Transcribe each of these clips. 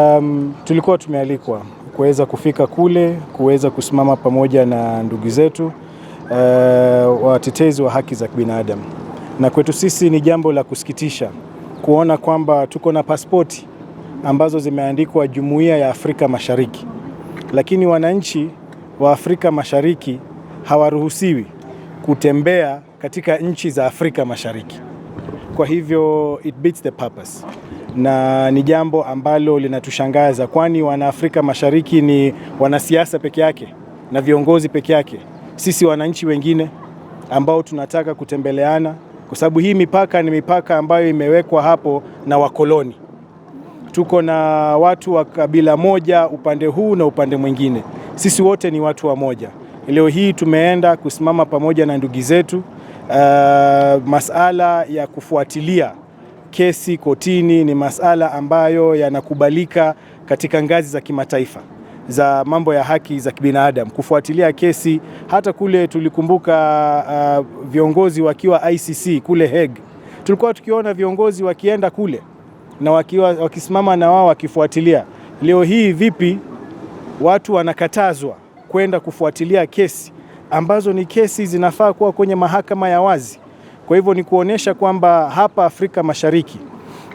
Um, tulikuwa tumealikwa kuweza kufika kule kuweza kusimama pamoja na ndugu zetu uh, watetezi wa haki za binadamu, na kwetu sisi ni jambo la kusikitisha kuona kwamba tuko na pasipoti ambazo zimeandikwa Jumuiya ya Afrika Mashariki, lakini wananchi wa Afrika Mashariki hawaruhusiwi kutembea katika nchi za Afrika Mashariki. Kwa hivyo it beats the purpose na ni jambo ambalo linatushangaza, kwani wanaafrika Mashariki ni wanasiasa peke yake na viongozi peke yake. Sisi wananchi wengine ambao tunataka kutembeleana, kwa sababu hii mipaka ni mipaka ambayo imewekwa hapo na wakoloni. Tuko na watu wa kabila moja upande huu na upande mwingine, sisi wote ni watu wa moja. Leo hii tumeenda kusimama pamoja na ndugu zetu. Uh, masala ya kufuatilia kesi kotini ni masala ambayo yanakubalika katika ngazi za kimataifa za mambo ya haki za kibinadamu kufuatilia kesi. Hata kule tulikumbuka uh, viongozi wakiwa ICC kule Hague, tulikuwa tukiona viongozi wakienda kule na wakiwa, wakisimama na wao wakifuatilia. Leo hii vipi watu wanakatazwa kwenda kufuatilia kesi ambazo ni kesi zinafaa kuwa kwenye mahakama ya wazi kwa hivyo ni kuonesha kwamba hapa Afrika Mashariki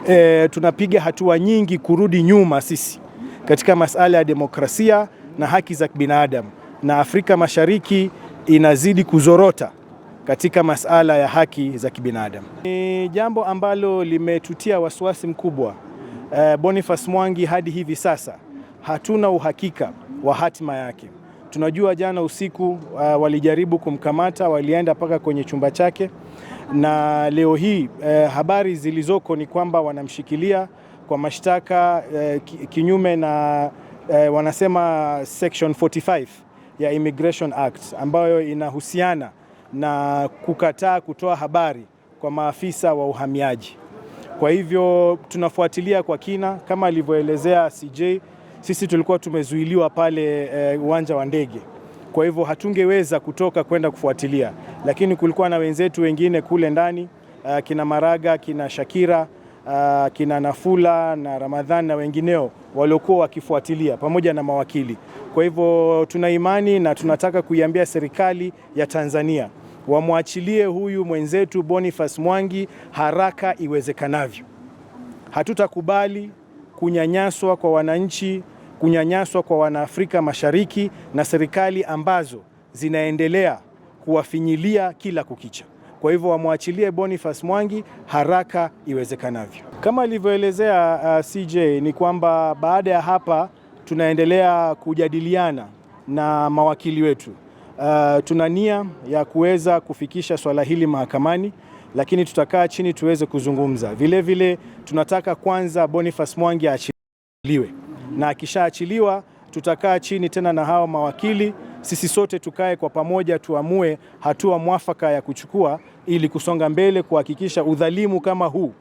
e, tunapiga hatua nyingi kurudi nyuma sisi katika masala ya demokrasia na haki za binadamu, na Afrika Mashariki inazidi kuzorota katika masala ya haki za kibinadamu. Ni jambo ambalo limetutia wasiwasi mkubwa. E, Boniface Mwangi hadi hivi sasa hatuna uhakika wa hatima yake. Tunajua jana usiku uh, walijaribu kumkamata, walienda mpaka kwenye chumba chake, na leo hii uh, habari zilizoko ni kwamba wanamshikilia kwa mashtaka uh, kinyume na uh, wanasema section 45 ya Immigration Act ambayo inahusiana na kukataa kutoa habari kwa maafisa wa uhamiaji. Kwa hivyo tunafuatilia kwa kina kama alivyoelezea CJ sisi tulikuwa tumezuiliwa pale eh, uwanja e, wa ndege, kwa hivyo hatungeweza kutoka kwenda kufuatilia, lakini kulikuwa na wenzetu wengine kule ndani a, eh, kina Maraga kina Shakira a, eh, kina Nafula na Ramadhan na wengineo waliokuwa wakifuatilia pamoja na mawakili. Kwa hivyo tuna imani na tunataka kuiambia serikali ya Tanzania wamwachilie huyu mwenzetu Boniface Mwangi haraka iwezekanavyo. Hatutakubali kunyanyaswa kwa wananchi, kunyanyaswa kwa Wanaafrika Mashariki na serikali ambazo zinaendelea kuwafinyilia kila kukicha. Kwa hivyo wamwachilie Boniface Mwangi haraka iwezekanavyo. Kama alivyoelezea uh, CJ ni kwamba baada ya hapa tunaendelea kujadiliana na mawakili wetu. Uh, tuna nia ya kuweza kufikisha swala hili mahakamani lakini tutakaa chini tuweze kuzungumza. Vile vile tunataka kwanza Boniface Mwangi aachiliwe, na akishaachiliwa tutakaa chini tena na hawa mawakili, sisi sote tukae kwa pamoja, tuamue hatua mwafaka ya kuchukua ili kusonga mbele, kuhakikisha udhalimu kama huu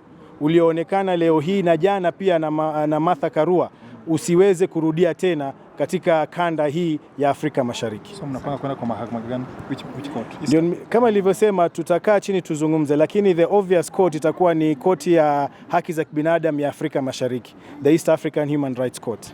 ulioonekana leo hii na jana pia na, ma, na Martha Karua usiweze kurudia tena katika kanda hii ya Afrika Mashariki. So, mnapanga kwenda kwa mahakama gani? Which, which court? Dion, kama nilivyosema tutakaa chini tuzungumze, lakini the obvious court itakuwa ni koti ya haki za kibinadamu ya Afrika Mashariki, the East African Human Rights Court.